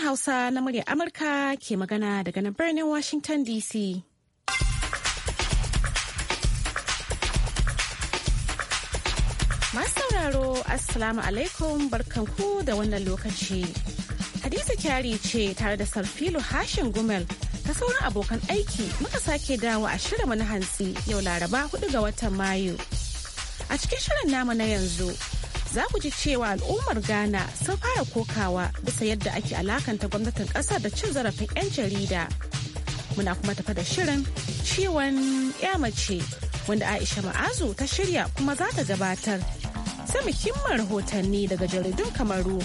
Sashen Hausa na murya Amurka ke magana daga nan birnin Washington DC. Masu sauraro Assalamu alaikum barkanku da wannan lokaci. Hadiza kyari ce tare da Sarfilo Hashin Gumel ta sauran abokan aiki muka sake dawo a shirin na hantsi yau Laraba 4 ga watan Mayu. A cikin shirin namu na yanzu za ku ji cewa al'ummar Ghana sun fara kokawa bisa yadda ake alakanta gwamnatin ƙasar da cin zarafin 'yan jarida. Muna kuma tafa da shirin ciwon mace wanda Aisha Ma'azu ta shirya kuma za ta gabatar. Sai muhimmin rahotanni daga jaridun Kamaru.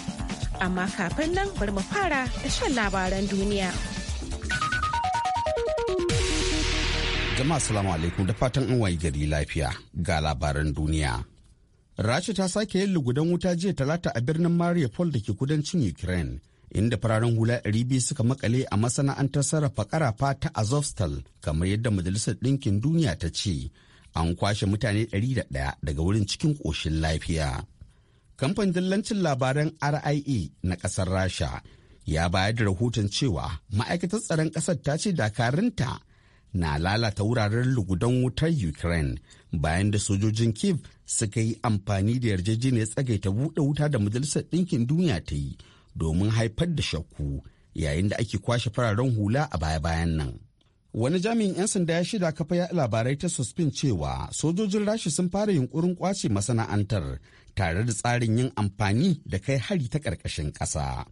Amma kafin nan bari mu fara da shan labaran duniya. Jama'a salamu alaikum da fatan an wayi gari lafiya ga labaran duniya. rasha ta sake yin lugudan wuta jiya talata a birnin mariupol da ke kudancin ukraine inda fararen hula 200 suka makale a masana'antar sarrafa karafa ta azovstal kamar yadda majalisar ɗinkin duniya ta ce an kwashe mutane ɗaya daga wurin cikin ƙoshin lafiya kamfanin dillancin labaran ria na ƙasar rasha ya bayar da rahoton cewa ma'aikatar tsaron ƙasar ta ce dakarunta na lalata wuraren lugudan wutar ukraine bayan da sojojin kiev suka yi amfani da yarjejeniyar tsagaita buɗe wuta da majalisar ɗinkin duniya ta yi domin haifar da shakku yayin da ake kwashe fararen hula a baya-bayan nan. Wani jami'in 'yan sanda ya shida kafa ya labarai ta suspin cewa sojojin rashi sun fara yunkurin kwace masana'antar tare da tsarin yin amfani da kai hari ta ƙarƙashin ƙasa.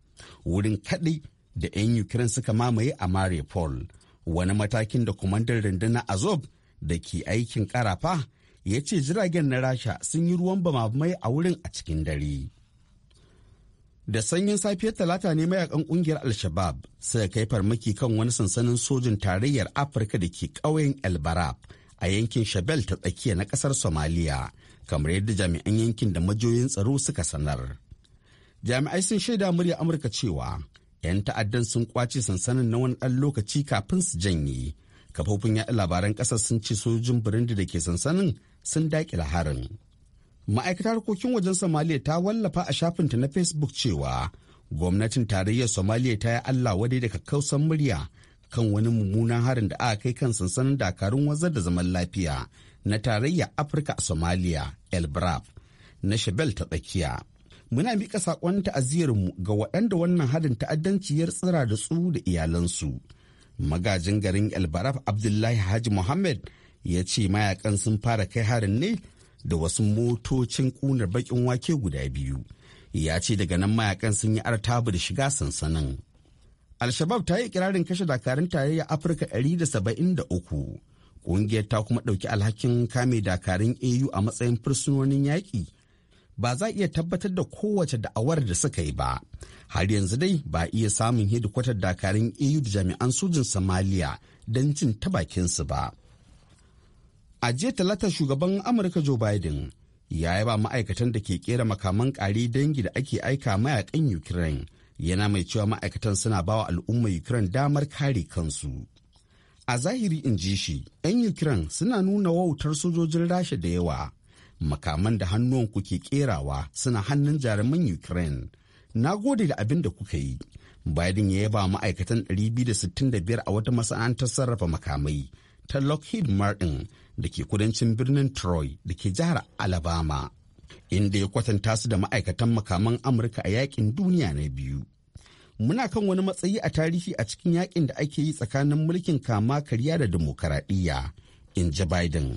Wurin kaɗai da 'yan Ukraine suka mamaye a Mariupol, wani matakin da kumandan rundunar Azov da ke aikin ƙarafa ya ce jiragen na rasha sun yi ruwan bamamai a wurin a cikin dare da sanyin safiyar talata ne mayakan kungiyar al-shabab suka kai farmaki kan wani sansanin sojin tarayyar afirka da ke ƙauyen elbarab a yankin shabel ta tsakiya na ƙasar somaliya kamar yadda jami'an yankin da majoyin tsaro suka sanar jami'ai sun shaida murya amurka cewa 'yan ta'addan sun kwace sansanin na wani ɗan lokaci kafin su janye kafofin yaɗa labaran ƙasar sun ce sojojin burundi da ke sansanin sun daƙila harin ma'aikatar harkokin wajen somaliya ta wallafa a shafinta na facebook cewa gwamnatin tarayyar somaliya ta yi allah wadai da kakkausan murya kan wani mummunan harin da aka kai kan sansanin dakarun wazar da zaman lafiya na tarayyar afirka a somaliya elbraf na Shebel ta tsakiya muna miƙa saƙon ta'aziyarmu ga waɗanda wannan harin ta'addanci yar tsira da tsu da iyalansu magajin garin elbaraf abdullahi haji muhammad ya ce mayakan sun fara kai harin ne da wasu motocin kunar bakin wake guda biyu ya ce daga nan mayakan sun yi artabu da shiga sansanin Alshabab ta yi kirarin kashe dakarun tarayya afirka 173 Ƙungiyar ta kuma ɗauki alhakin kame dakarun au a matsayin fursunonin yaƙi ba za iya tabbatar da kowace da'awar da suka yi ba. Har yanzu dai ba iya samun hidikwatar dakarun EU da jami'an sojin Somalia don cin ta bakinsu ba. A jiya talata shugaban Amurka Joe Biden ya yi ba ma'aikatan da ke kera makaman kare dangi da ake aika mayakan Ukraine yana mai cewa ma'aikatan suna bawa al'umma Ukraine damar kare kansu. A zahiri in ji shi, 'yan Ukraine suna nuna wautar sojojin Rasha da yawa makaman da hannuwan kuke kerawa suna hannun jaruman ukraine na gode da abin da kuka yi biden ya yaba ma'aikatan 265 a wata masana'antar sarrafa makamai ta lockheed martin da ke kudancin birnin troy da ke jihar alabama inda ya kwatanta su da ma'aikatan makaman amurka a yakin duniya na biyu muna kan wani matsayi a tarihi a cikin yakin da ake yi tsakanin mulkin kama karya da dimokuraɗiyya in ji biden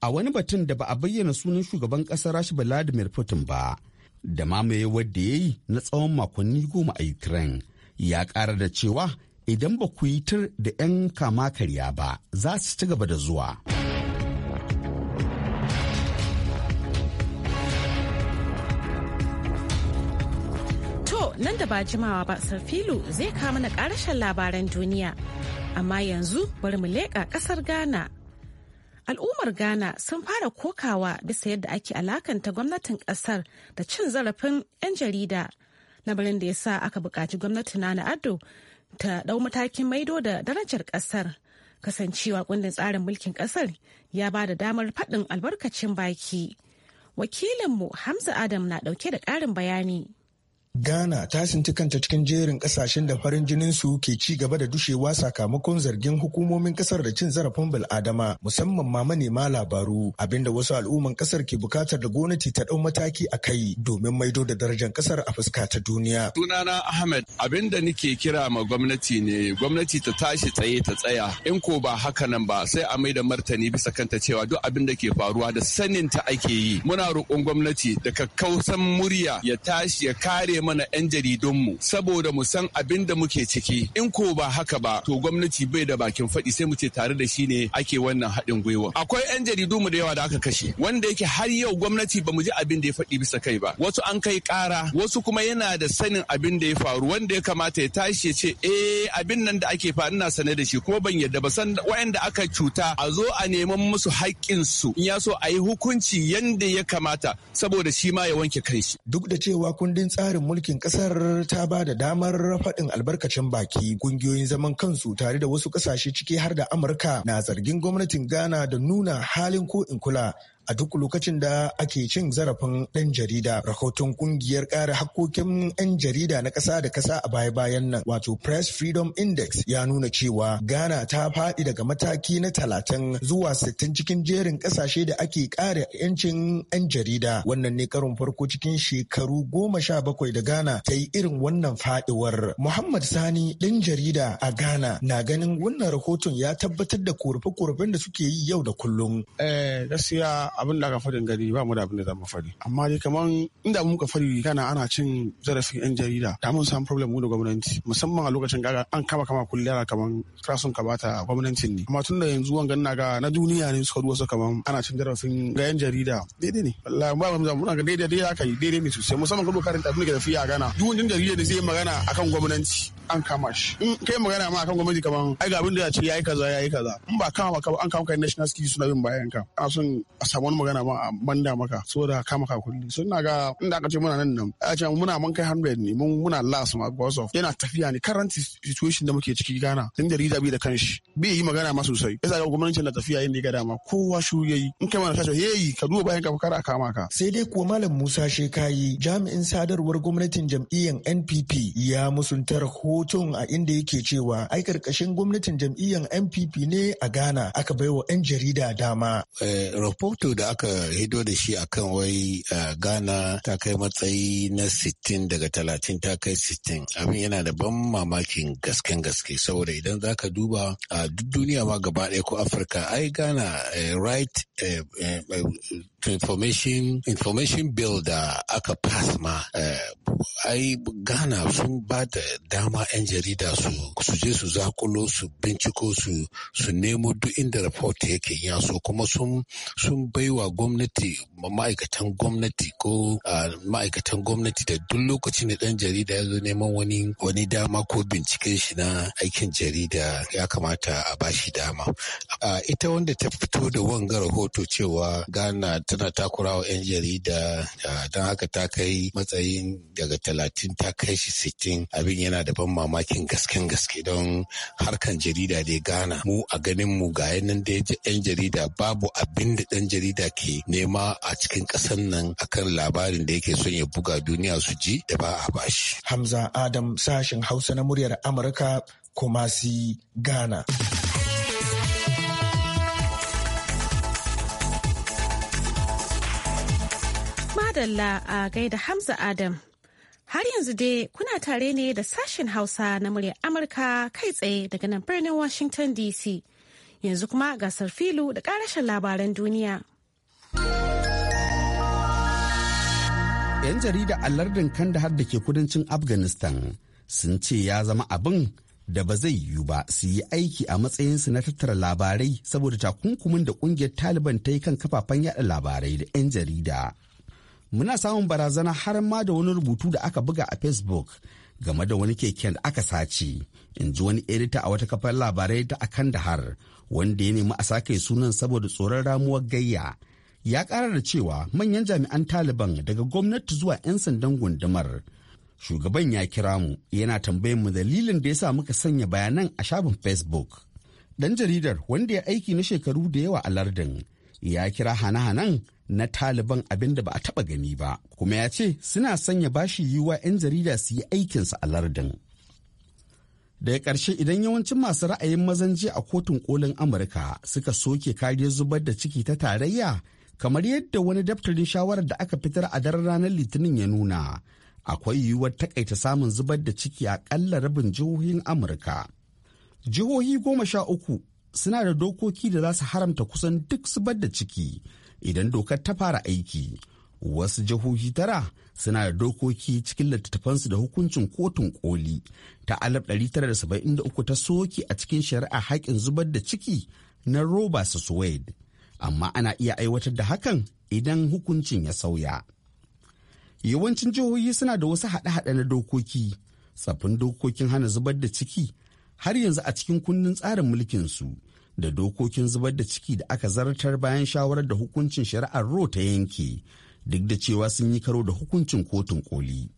a wani batun da ba a bayyana sunan shugaban ƙasar rasha vladimir putin ba da mamaye wadda ya yi na tsawon makonni goma a ukraine ya ƙara da cewa idan ba ku yi tur da 'yan kama karya ba za su ci gaba da zuwa To nan da ba jimawa ba filu zai kama na karashen labaran duniya amma yanzu bari mu leƙa ƙasar ghana al'ummar ghana sun fara kokawa bisa yadda ake alakanta gwamnatin kasar da cin zarafin 'yan jarida na lamarin da ya sa aka buƙaci gwamnati na addo ta ɗau matakin maido da darajar ƙasar kasancewa kundin tsarin mulkin ƙasar ya ba da damar faɗin albarkacin baki wakilinmu hamza adam na ɗauke da ƙarin bayani Ghana ta sinti kanta cikin jerin kasashen da farin jinin su ke ci gaba da dushewa sakamakon zargin hukumomin kasar da cin zarafin bil'adama musamman ma manema labaru abinda wasu al'umman kasar ke bukatar da gwamnati ta dau mataki a kai domin maido da darajar kasar a fuska ta duniya. Sunana Ahmed abinda nake kira ma gwamnati ne gwamnati ta tashi tsaye ta tsaya in ko ba haka nan ba sai a mai da martani bisa kanta cewa duk abin da ke faruwa da sanin ta ake yi muna roƙon gwamnati da kakkausan murya ya tashi ya kare kare mana 'yan jaridunmu saboda mu san abin da muke ciki in ko ba haka ba to gwamnati bai da bakin faɗi sai mu ce tare da shi ne ake wannan haɗin gwiwa akwai 'yan jaridu mu da yawa da aka kashe wanda yake har yau gwamnati ba mu ji abin da ya faɗi bisa kai ba wasu an kai ƙara wasu kuma yana da sanin abin da ya faru wanda ya kamata ya tashi ya ce eh abin nan da ake faɗi ina sane da shi kuma ban yadda ba san waɗanda aka cuta a zo a neman musu haƙƙinsu in ya so a yi hukunci yanda ya kamata saboda shi ma ya wanke kanshi duk da cewa kundin tsarin mulkin kasar ta ba da damar faɗin albarkacin baki kungiyoyin zaman kansu tare da wasu ƙasashe ciki har da amurka na zargin gwamnatin ghana da nuna halin ko in kula a duk lokacin da ake cin zarafin ɗan jarida rahoton kungiyar ƙara hakkokin 'yan jarida na ƙasa da ƙasa a baya-bayan nan wato press freedom index ya nuna cewa ghana ta faɗi daga mataki na talatin zuwa sittin cikin jerin ƙasashe da ake ƙara 'yancin 'yan jarida wannan ne karon farko cikin shekaru goma sha bakwai da ghana ta yi irin wannan faɗiwar muhammad sani ɗan jarida a ghana na ganin wannan rahoton ya tabbatar da korafe-korafen da suke yi yau da kullum. Eh, gaskiya abin da aka farin gari ba mu da abin da za mu amma dai kaman inda muka fari kana ana cin zarafin yan jarida da mun samu problem mu da gwamnati musamman a lokacin kaga an kama kama kullera kaman krasun ka bata gwamnatin ne amma tunda yanzu wangan na ga na duniya ne suka duwasa kaman ana cin zarafin ga yan jarida daidai ne wallahi ba mu zamu ga daidai daidai haka daidai ne sosai musamman kuma karin tafi da tafiya gana duk wani jarida da zai magana akan gwamnati an kama shi in kai magana ma akan gwamnati kaman ai ga abin da ya ce yayi kaza yayi kaza in ba kama ka an kama kai national security suna bin bayan ka ana son a samu wani magana ba banda maka so da kama ka kulli so ina ga inda aka ce muna nan nan a ce muna mun kai 100 ne mun muna last ma because of yana tafiya ne current situation da muke ciki gana tun da rida bi da kanshi bai yi magana ma sosai yasa ga gwamnatin na tafiya yin ga dama kowa shu yayi in kai mana tashi yayi ka duba bayan ka fakara kama ka sai dai kuwa malam Musa Shekayi jami'in sadarwar gwamnatin jam'iyyar NPP ya musuntar hoton a inda yake cewa ai karkashin gwamnatin jam'iyyar NPP ne a Ghana aka baiwa 'yan jarida dama. Eh, rahoto rahoto da aka hido da shi akan wai Ghana ta kai matsayi na 60 daga 30 ta kai 60 abin yana da ban mamakin gasken gaske saboda idan za ka duba a duk duniya ma gaba ɗaya ko Afirka ai Ghana eh, right Eh, eh, eh, information information bill da aka pasma. ma ai ghana sun ba da dama 'yan jarida su suje su zakulo su binciko su su nemo duk inda report yake so kuma sun sun baiwa gwamnati ma'aikatan gwamnati ko ma'aikatan gwamnati da duk lokacin da dan jarida ya zo neman wani wani dama ko binciken shi na aikin jarida ya kamata a bashi dama ita wanda ta fito da wanga rahoto rahoto cewa Ghana tana takura wa 'yan jarida don haka ta kai matsayin daga talatin ta kai shi sittin abin yana da ban mamakin gasken gaske don harkan jarida dai Ghana mu a ganin mu ga yanan da 'yan jarida babu abin da ɗan jarida ke nema a cikin ƙasar nan akan labarin da yake son ya buga duniya su ji da ba a bashi. Hamza Adam sashen Hausa na muryar Amurka Kumasi Ghana. Madalla a gaida Hamza Adam. Har yanzu dai kuna tare ne da sashen Hausa na murya Amurka kai tsaye daga nan birnin Washington DC. Yanzu kuma gasar filu da karashin labaran duniya. 'Yan jarida a lardin Kandahar da ke kudancin Afghanistan sun ce ya zama abin da ba zai yiwu ba su yi aiki a matsayinsu na tattara labarai saboda takunkumin da kungiyar Taliban ta yi kan kafafen yada labarai da 'yan jarida. muna samun barazana har ma da wani rubutu da aka buga a facebook game da wani keken da aka sace in ji wani edita a wata kafar labarai ta akan dahar wanda ya nemi a sake sunan saboda tsoron ramuwar gayya ya kara da cewa manyan jami'an taliban daga gwamnati zuwa 'yan sandan gundumar shugaban ya kira mu yana tambayar mu dalilin da ya sa muka sanya bayanan a shafin facebook dan jaridar wanda ya aiki na shekaru da yawa a lardin ya kira hana-hanan na taliban abinda ba a taba gani ba kuma ya ce suna sanya bashi yiwuwa 'yan jarida su yi aikinsa a lardin daga ƙarshe idan yawancin masu ra'ayin mazan jiya a kotun kolin amurka suka soke kariyar zubar da ciki ta tarayya kamar yadda wani daftarin shawarar da aka fitar a daren ranar litinin ya nuna akwai yiwuwar takaita samun zubar da ciki a ƙalla rabin jihohin amurka jihohi goma sha uku suna da dokoki da za su haramta kusan duk zubar da ciki idan dokar ta fara aiki wasu jihohi tara suna da dokoki cikin littattafansu da hukuncin kotun koli ta 1973 ta soke a cikin shari'a haƙin zubar da ciki na roba suwede amma ana iya aiwatar da hakan idan hukuncin ya sauya yawancin jihohi suna da wasu haɗe-haɗe na dokoki tsaffin dokokin hana zubar da ciki har yanzu a cikin kundin tsarin mulkin su da dokokin zubar da ciki da aka zartar bayan shawarar da hukuncin shari'ar ro ta yanke duk da cewa sun yi karo da hukuncin kotun koli.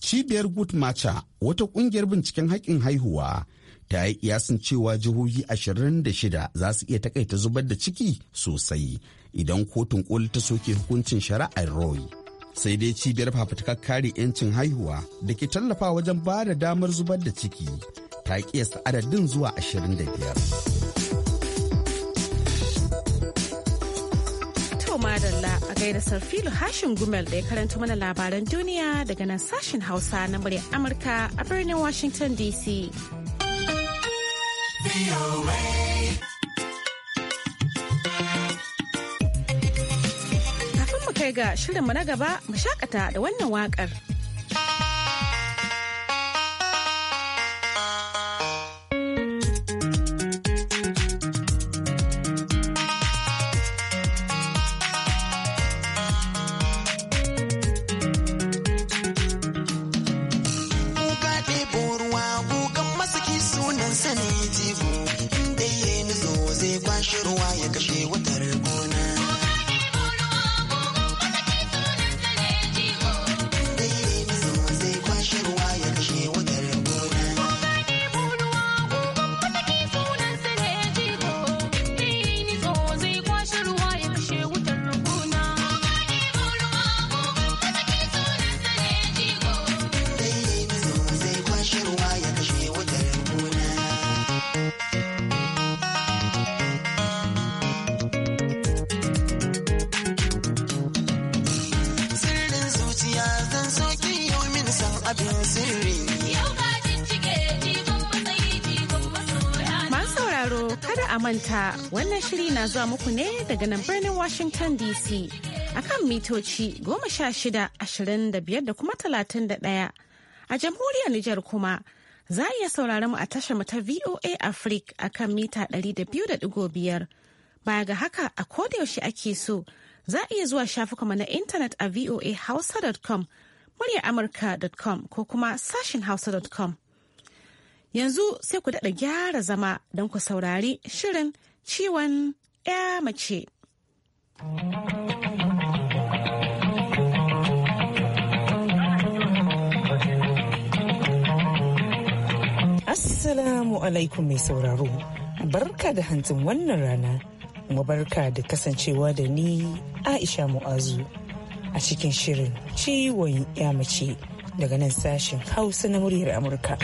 Cibiyar Good Matcha wata kungiyar binciken haƙƙin haihuwa ta yi iyasin cewa jihohi 26 za su iya takaita zubar da ciki sosai idan kotun koli ta soke hukuncin shari'ar Roe. sai dai cibiyar fafutukar kare 'yancin haihuwa da ke tallafa wajen ba da damar zubar da ciki ta kiyasta adadin zuwa 25. madalla a gaida Sarfilu hashin Gumel da ya karanta mana labaran duniya daga nan sashen Hausa na murya Amurka a birnin Washington DC. Kafin mu kai ga shirinmu na gaba mu shakata da wannan wakar. manta wannan shiri na zuwa muku ne daga nan birnin Washington DC akan mitoci goma sha shida ashirin da da kuma talatin da ɗaya. A jamhuriyar Nijar kuma za a iya saurari mu a tashar mu ta VOA Africa akan mita ɗari da biyu da ɗigo biyar. Baya ga haka a kodayaushe ake so za a iya zuwa mu na intanet a voahausa.com muryar amurka.com ko kuma sashin hausa.com Yanzu sai ku daɗa gyara zama don ku saurari shirin ciwon ya mace. Assalamu alaikum mai sauraro, barka da hantin wannan rana, kuma barka da kasancewa da ni Aisha Mu'azu a cikin shirin ciwon ya mace daga nan sashen Hausa na muryar Amurka.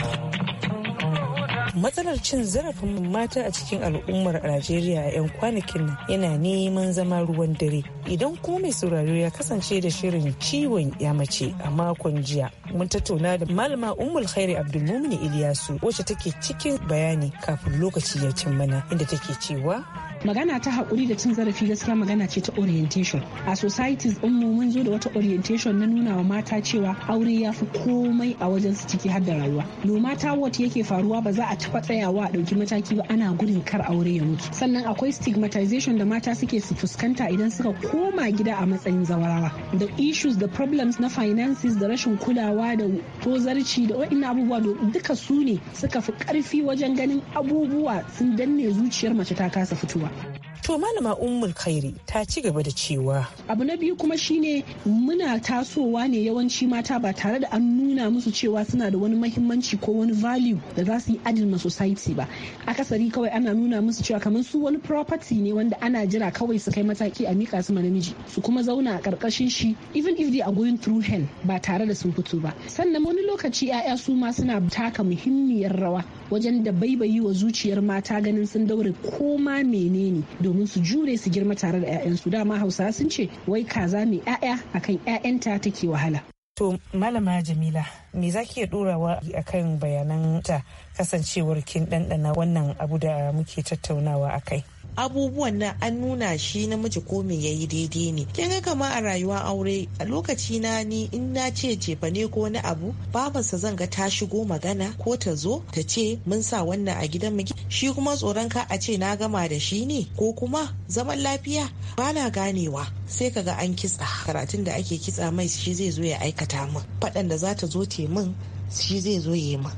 matsalar cin zarafin mata a cikin al'ummar najeriya a 'yan kwanakin nan yana neman zama ruwan dare idan kuma mai sauraro ya kasance da shirin ciwon ya mace a makon jiya mun tattauna da malama ummul khairi abdulmumin iliyasu wacce take cikin bayani kafin lokaci ya cin mana inda take cewa magana ta hakuri da cin zarafi gaskiya magana ce ta orientation a societies din mu mun zo da wata orientation na nuna wa mata cewa aure ya fi komai a wajen su ciki har da rayuwa no mata what yake faruwa ba za a taɓa tsayawa a ɗauki mataki ba ana gudun kar aure ya mutu sannan akwai stigmatization da mata suke su fuskanta idan suka koma gida a matsayin zawarawa da issues da problems na finances da rashin kulawa da tozarci da wa'in abubuwa duka su ne suka fi karfi wajen ganin abubuwa sun danne zuciyar mace ta kasa fitowa Thank you. To malama Ummul Khairi ta ci gaba da cewa. Abu na biyu kuma shine muna tasowa ne yawanci mata ba tare da an nuna musu cewa suna da wani mahimmanci ko wani value da za su yi adil ma society ba. Akasari kawai ana nuna musu cewa kamar su wani property ne wanda ana jira kawai su kai mataki a mika su ma namiji su kuma zauna a karkashin shi even if they are going through hell ba tare da sun fito ba. Sannan wani lokaci 'ya'ya su ma suna taka muhimmiyar rawa wajen da baibayi wa zuciyar mata ganin sun daure koma menene domin su jure su girma tare da 'ya'yansu dama hausa sun ce wai kaza mai 'ya'ya akan 'ya'yanta take wahala To Malama Jamila, me za ki iya ɗorawa a kan bayanan ta kasancewar kin ɗanɗana wannan abu da muke tattaunawa a kai? abubuwan na an nuna shi namiji ko me yi daidai ne kin ga kama a rayuwa aure a lokaci na ni in na ce jefa ne ko wani abu babansa zan ga ta shigo magana ko ta zo ta ce mun sa wannan a gidan mu shi kuma tsoron ka a ce na gama da shi ne ko kuma zaman lafiya ba na ganewa sai ka ga an kitsa karatun da ake kitsa mai shi zai zo ya aikata min faɗan da za ta zo te min shi zai zo ya yi min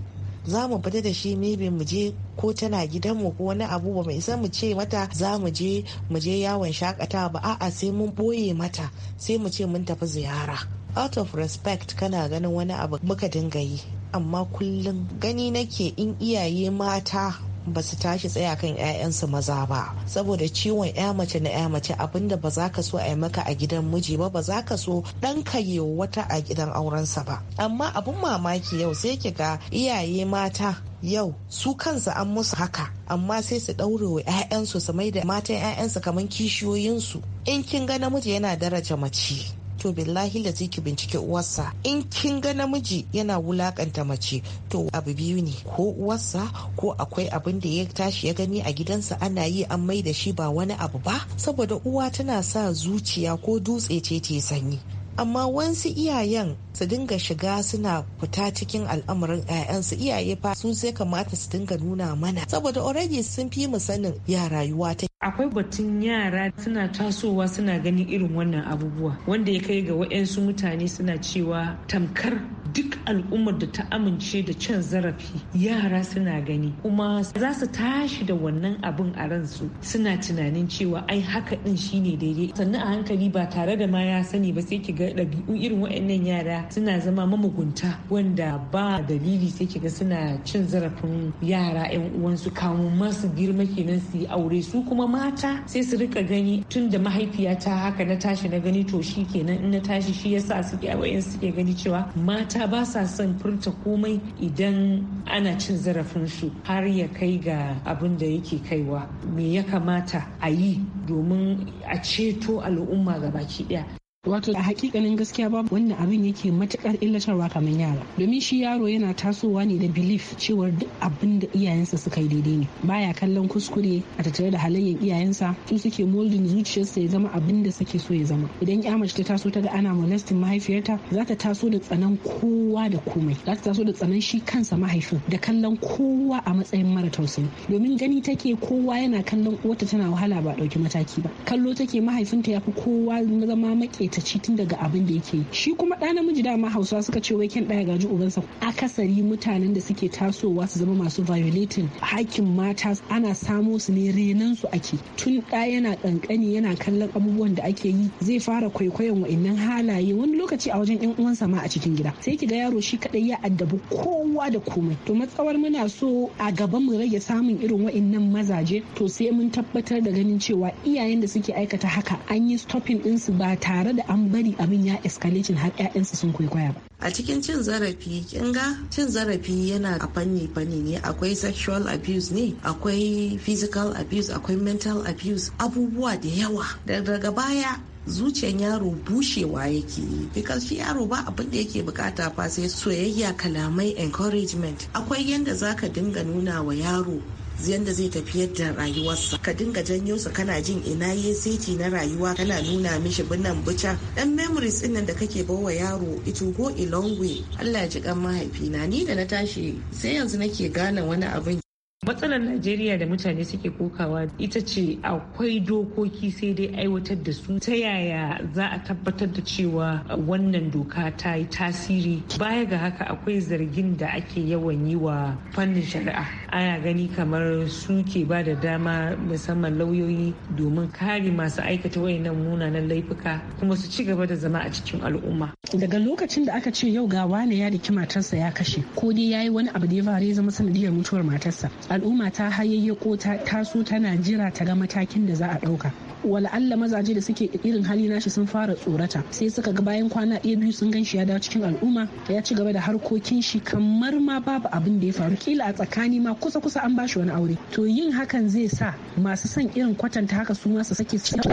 za mu fita da shi maybe mu je ko tana gidan mu ko wani abu ba mai san mu ce mata za mu je mu je yawon shakatawa ba a'a sai mun boye mata sai mu ce mun tafi ziyara out of respect kana ganin wani abu muka dinga yi amma kullum gani nake in iyaye mata ba su tashi tsaya kan 'ya'yansu maza ba saboda ciwon 'ya mace na 'ya mace abinda ba za ka so a yi maka a gidan miji ba ba za ka so dan ka yi wata a gidan aurensa ba amma abun mamaki yau sai ki ga iyaye mata yau su kansu an musu haka amma sai su ɗaure wa 'ya'yansu su mai da matan 'ya'yansu kamar kishiyoyinsu in kin ga namiji yana daraja mace to billahi lazi ki bincike uwarsa in kin ga namiji yana wulakanta mace to abu biyu ne ko uwarsa ko akwai abin da ya tashi ya gani a gidansa ana yi an mai da shi ba wani abu ba saboda uwa tana sa zuciya ko dutse ce ce sanyi amma wansu iyayen su dinga shiga suna fita cikin al'amarin 'ya'yansu iyaye fa sun sai kamata su dinga nuna mana saboda already sun fi mu sanin ya rayuwa ta akwai batun yara suna tasowa suna ganin irin wannan abubuwa wanda ya kai ga wa'yansu mutane suna cewa tamkar duk al'ummar da ta amince da cin zarafi yara suna gani kuma za su tashi da wannan abin a ransu suna tunanin cewa ai haka din shine daidai sannan a hankali ba tare da ma ya sani ba sai ki ga ɗabi'u irin waɗannan yara suna zama mamugunta wanda ba dalili sai ki ga suna cin zarafin yara 'yan uwansu kamun masu girma kenan su yi aure su kuma mata sai su rika gani tun da mahaifiyata haka na tashi na gani to shi kenan in na tashi shi yasa suke a suke gani cewa mata jiha ba sa son furta komai idan ana cin zarafin su har ya kai ga abin da yake kaiwa me ya kamata a yi domin a ceto al'umma ga baki daya Wato a hakikanin gaskiya babu wannan abin yake matukar illatarwa kamar yara. Domin shi yaro yana tasowa ne da belief cewar duk abin da iyayensa suka yi daidai ne. Baya kallon kuskure a tattare da halayyar iyayensa su suke molding zuciyarsa ya zama abin da suke so ya zama. Idan ya mace ta taso ta ga ana molestin mahaifiyarta za ta taso da tsanan kowa da komai. Za ta taso da tsanan shi kansa mahaifin da kallon kowa a matsayin mara tausayi. Domin gani take kowa yana kallon uwarta tana wahala ba ɗauki mataki ba. Kallo take mahaifinta ya fi kowa zama maƙe fitacci tun daga abin da yake shi kuma ɗa namiji dama hausawa suka ce wai ken ɗaya gaji ubansa akasari mutanen da suke tasowa su zama masu violating hakkin mata ana samo su ne renan su ake tun ɗa yana kankani yana kallon abubuwan da ake yi zai fara kwaikwayon wa'annan halaye wani lokaci a wajen yan uwansa ma a cikin gida sai ki ga yaro shi kaɗai ya addabi kowa da komai to matsawar muna so a gaba mu rage samun irin wa'annan mazaje to sai mun tabbatar da ganin cewa iyayen da suke aikata haka an yi stopping ɗinsu ba tare da da an bari abin ya escalation har 'ya'yansu sun kwaikwaya ba a cikin cin zarafi ga cin zarafi yana a fanni fanni ne akwai sexual abuse ne akwai physical abuse akwai mental abuse abubuwa da yawa daga baya zuciyan yaro bushewa yake yi shi yaro ba abin da yake bukata fa sai soyayya kalamai encouragement akwai yanda zaka dinga nuna wa yaro yadda zai tafiyar da rayuwarsa ka dinga janyo sa kana jin ina ya seti na rayuwa kana nuna mishi binan bica dan memories din nan da kake bawa yaro it will go a long way Allah ya ji kan mahaifina ni da na tashi sai yanzu nake gane wani abin matsalar najeriya da mutane suke kokawa ita ce akwai dokoki sai dai aiwatar da su ta yaya za a tabbatar da cewa wannan doka ta yi tasiri baya ga haka akwai zargin da ake yawan yi wa fannin shari'a ana gani kamar su ke ba da dama musamman lauyoyi domin kare masu aikata wayannan munanan laifuka kuma su ci gaba da zama a cikin al'umma daga lokacin da aka ce yau ga wane ya riki matarsa ya kashe ko dai ya yi wani abu da ya fara ya zama sanadiyar mutuwar matarsa al'umma ta hayayyako ta taso tana jira ta ga matakin da za a ɗauka wala'alla mazaje da suke irin hali nashi sun fara tsorata sai suka ga bayan kwana ɗaya biyu sun gan shi ya dawo cikin al'umma ya ci gaba da harkokin shi kamar ma babu abin da ya faru kila a tsakani ma kusa kusa an bashi wani aure to yin hakan zai sa masu son irin kwatanta haka su ma su sake suka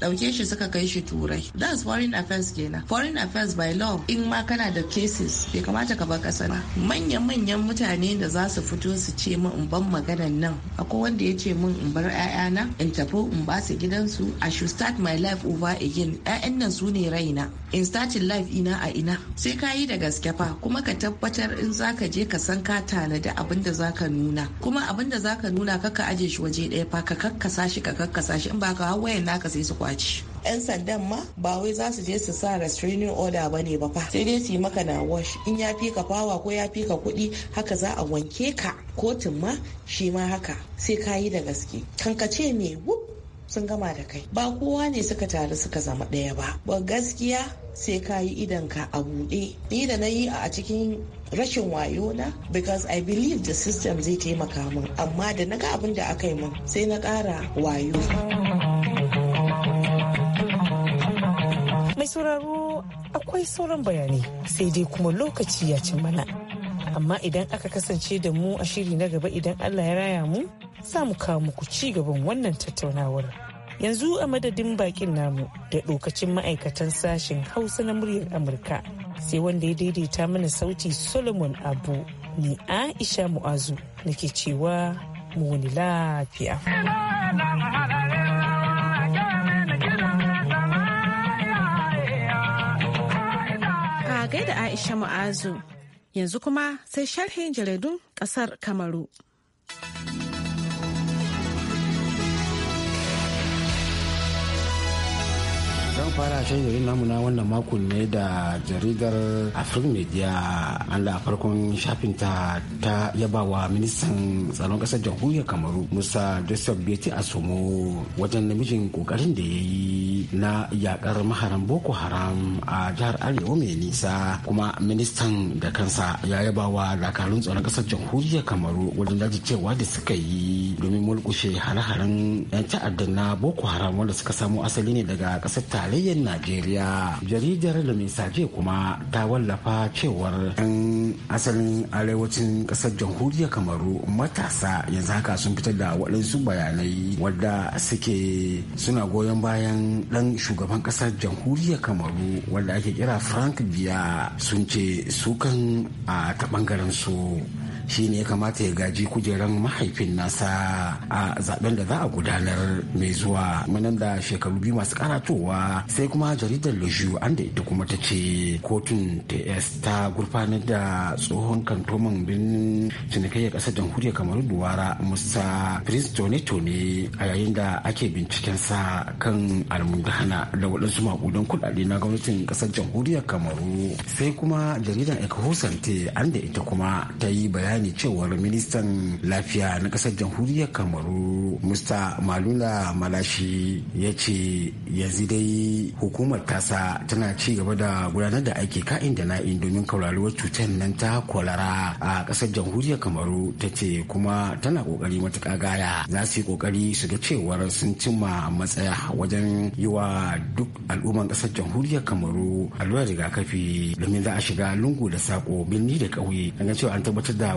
dauke shi suka kai shi turai that's foreign affairs kenan foreign affairs by law in ma kana da cases bai kamata ka bar kasa ba manyan manyan mutane da za su fito su ce min in ban maganan nan akwai wanda ya ce min in bar 'ya'ya nan in tafi in ba su gidansu i should start my life over again ƴaƴan nan su ne raina in starting life ina a ina sai ka yi da gaske fa kuma ka tabbatar in zaka je ka san ka tanadi abin da zaka nuna kuma abin da zaka nuna kaka aje shi waje ɗaya fa ka kakkasa shi ka kakkasa shi in ba ka hawaye naka sai su kwace. 'yan sandan ma ba wai za su je su sa restraining order ba ne ba fa sai dai su yi maka na wash in ya fi ka fawa ko ya fi ka kuɗi haka za a wanke ka kotun ma shi ma haka sai ka yi da gaske kankace me wup sun gama da kai ba kowa ne suka taru suka zama ɗaya ba ba gaskiya sai ka yi ka a buɗe ni da na yi a cikin rashin wayo na because i believe the system zai taimaka min amma da na ga abin da aka yi min sai na ƙara wayo. sauraro akwai sauran bayanai sai dai kuma lokaci ya ci mana. Amma idan aka kasance da mu a shiri na gaba idan Allah ya raya mu, za mu kawo muku ci gaban wannan tattaunawar. Yanzu a madadin bakin namu da lokacin ma'aikatan sashen Hausa na muryar Amurka, sai wanda ya daidaita mana sauti Solomon Abu ni Aisha Mu'azu nake cewa mu wani lafiya. Aisha mu'azu Yanzu kuma sai sharhin jaridun ƙasar Kamaru. zan fara shan jaridar namu na wannan makon ne da jaridar afrik media an da farkon shafin ta ta yabawa ministan tsaron kasar jamhuriyar kamaru musa joseph beti asomo wajen namijin kokarin da ya yi na yakar maharan boko haram a jihar arewa mai nisa kuma ministan da kansa ya yabawa dakarun tsaron kasar jamhuriyar kamaru wajen cewa da suka yi domin mulkushe hare-haren 'yan ta'addan na boko haram wanda suka samu asali ne daga kasar ta. tarayyar najeriya jaridar da saje kuma ta wallafa cewar 'yan asalin arewacin ƙasar jamhuriyar kamaru matasa yanzu haka sun fitar da waɗansu bayanai wadda suke suna goyon bayan ɗan shugaban ƙasar jamhuriyar kamaru wadda ake kira frank biya sun ce sukan a ta ɓangaren su shi ne ya kamata ya gaji kujeran mahaifin nasa a zaben da za a gudanar mai zuwa manan da shekaru biyu masu karatowa sai kuma jaridar leju an da ita kuma ta ce kotun ts ta gurfanar da tsohon kantoman bin kasar ƙasar jamhuriyar kamaru duwara musa prince tone tone a yayin da ake binciken sa kan almundana da waɗansu maƙudan kuɗaɗe na gwamnatin ƙasar jamhuriyar kamaru sai kuma jaridar ekahusante an da ita kuma ta yi bayani bayani cewar ministan lafiya na kasar jamhuriyar kamaru musta malula malashi ya ce yanzu dai hukumar tasa tana ci gaba da gudanar da aiki ka'in da na'in domin kauraruwar cutar nan ta kwalara a kasar jamhuriyar kamaru ta ce kuma tana kokari matuka gaya za su yi kokari su ga cewar sun cimma matsaya wajen yi wa duk al'umman kasar jamhuriyar kamaru allurar rigakafi domin za a shiga lungu da sako birni da ƙauye an cewa an tabbatar da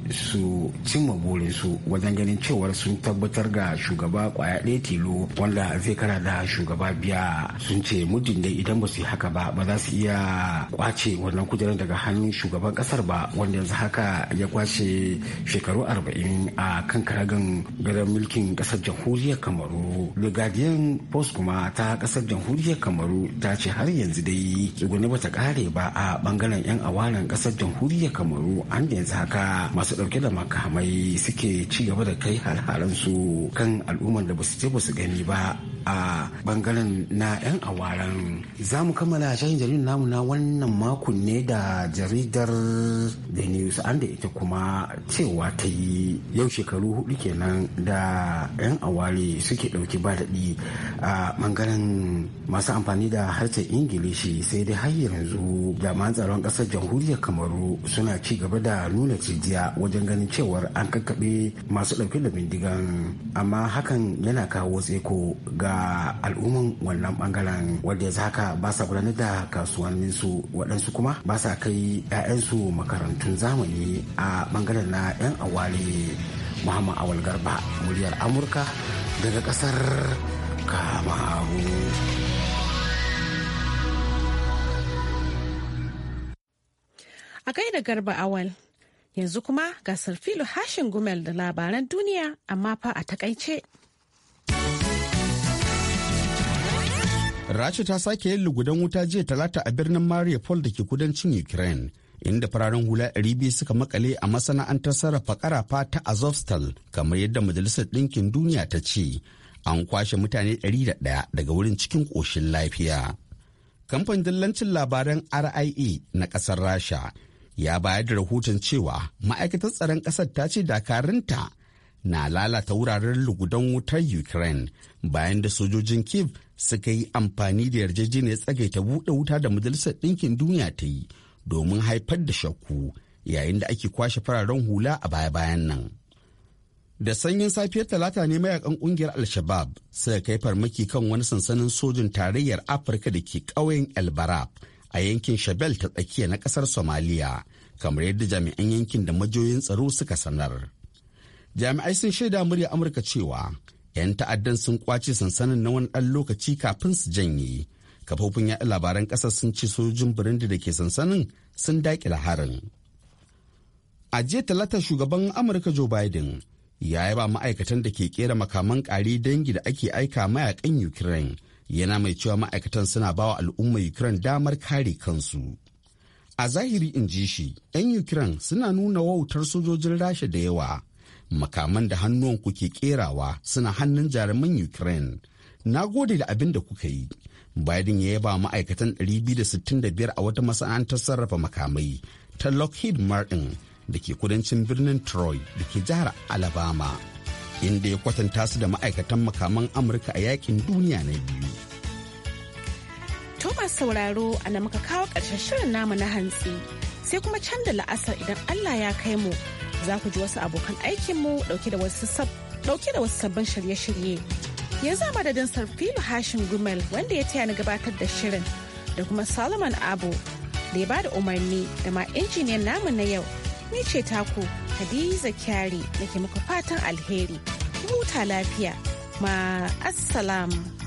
su cimma burinsu wajen ganin cewar sun tabbatar ga shugaba kwaya ɗaya tilo wanda zai kara da shugaba biya sun ce muddin dai idan ba su yi haka ba ba za su iya kwace wannan kujerar daga hannun shugaban ƙasar ba wanda yanzu haka ya kwace shekaru arba'in a kan karagan gadon mulkin kasar jamhuriyar kamaru the guardian post kuma ta kasar jamhuriyar kamaru ta ce har yanzu dai tsuguni bata kare ba a bangaren yan awaren kasar jamhuriyar kamaru an da yanzu haka masu dauke da makamai suke ci gaba da kai har su kan al'ummar da ba su je ba su gani ba a bangaren na 'yan awaran za mu kammala shahin jaridar namu na wannan makon ne da jaridar the news an da ita kuma cewa ta yi yau shekaru hudu kenan da 'yan aware suke dauki ba daɗi a bangaren masu amfani da harshen ingilishi sai dai har yanzu jami'an tsaron ƙasar jamhuriyar kamaru suna ci gaba da nuna cijiya wajen ganin cewar an kakkaɓe masu ɗauke da bindigan amma hakan yana kawo tseko ga ga al'umman wannan bangaren wadda ya zaka ba sa gudanar da kasuwannin su waɗansu kuma ba sa kai 'ya'yansu makarantun zamani a bangaren na 'yan awali muhammad awal garba muryar amurka daga ƙasar kamaru a kai da garba awal yanzu kuma ga sarfilo hashin gumel da labaran duniya amma fa a takaice. Rasha ta sake yin lugudan wuta jiya talata a birnin Mariupol da ke kudancin Ukraine, inda fararen hula 200 suka makale a masana'antar sarrafa karafa ta Azovstal, kamar yadda Majalisar Ɗinkin Duniya ta ce, an kwashe mutane 101 daga wurin cikin ƙoshin lafiya. Kamfan dillancin labaran RIA na ƙasar Rasha ya bayar da rahoton cewa ma'aikatar tsaron ƙasar ta ce dakarunta na lalata wuraren lugudan wutar ukraine bayan da sojojin kiev suka yi amfani da yarjejeniyar tsagaita buɗe wuta da majalisar ɗinkin duniya ta yi domin haifar da shakku yayin da ake kwashe fararen hula a baya-bayan nan da sanyin safiyar talata ne mayakan kungiyar al-shabab suka kai farmaki kan wani sansanin sojin tarayyar afirka da ke ƙauyen el a yankin shabel ta tsakiya na ƙasar somaliya kamar yadda jami'an yankin da majoyin tsaro suka sanar jami'ai sun shaida murya amurka cewa 'yan ta'addan sun kwace sansanin na wani ɗan lokaci kafin su janye kafofin yaɗa labaran ƙasar sun ce sojojin burundi da ke sansanin sun daƙila harin a jiya talata shugaban amurka joe biden ya yaba ma'aikatan da ke kera makaman ƙari dangi da ake aika mayakan ukraine yana mai cewa ma'aikatan suna bawa al'umma ukraine damar kare kansu a zahiri in ji shi 'yan ukraine suna nuna wautar sojojin rasha da yawa makaman da hannuwan ke kerawa suna hannun jaruman ukraine na gode da abin da kuka yi biden ya yaba ma'aikatan 265 a wata masana'antar sarrafa makamai ta lockheed martin da ke kudancin birnin troy da ke jihar alabama inda ya kwatanta su da ma'aikatan makaman amurka a yakin duniya na biyu thomas sauraro ana muka kawo ƙarshen shirin namu na hantsi sai kuma can da la'asar idan allah ya kai mu za ku ji wasu abokan aikinmu dauke da wasu sabbin shirye-shirye. Yanzu a madadin Sarfilu Hashim Gumel wanda ya taya ni gabatar da shirin da kuma Solomon Abu da ya ba da umarni da ma injiniyan namu na yau. Ni ce taku Hadiza Kyari da ke muku fatan alheri. Huta lafiya. Ma assalamu.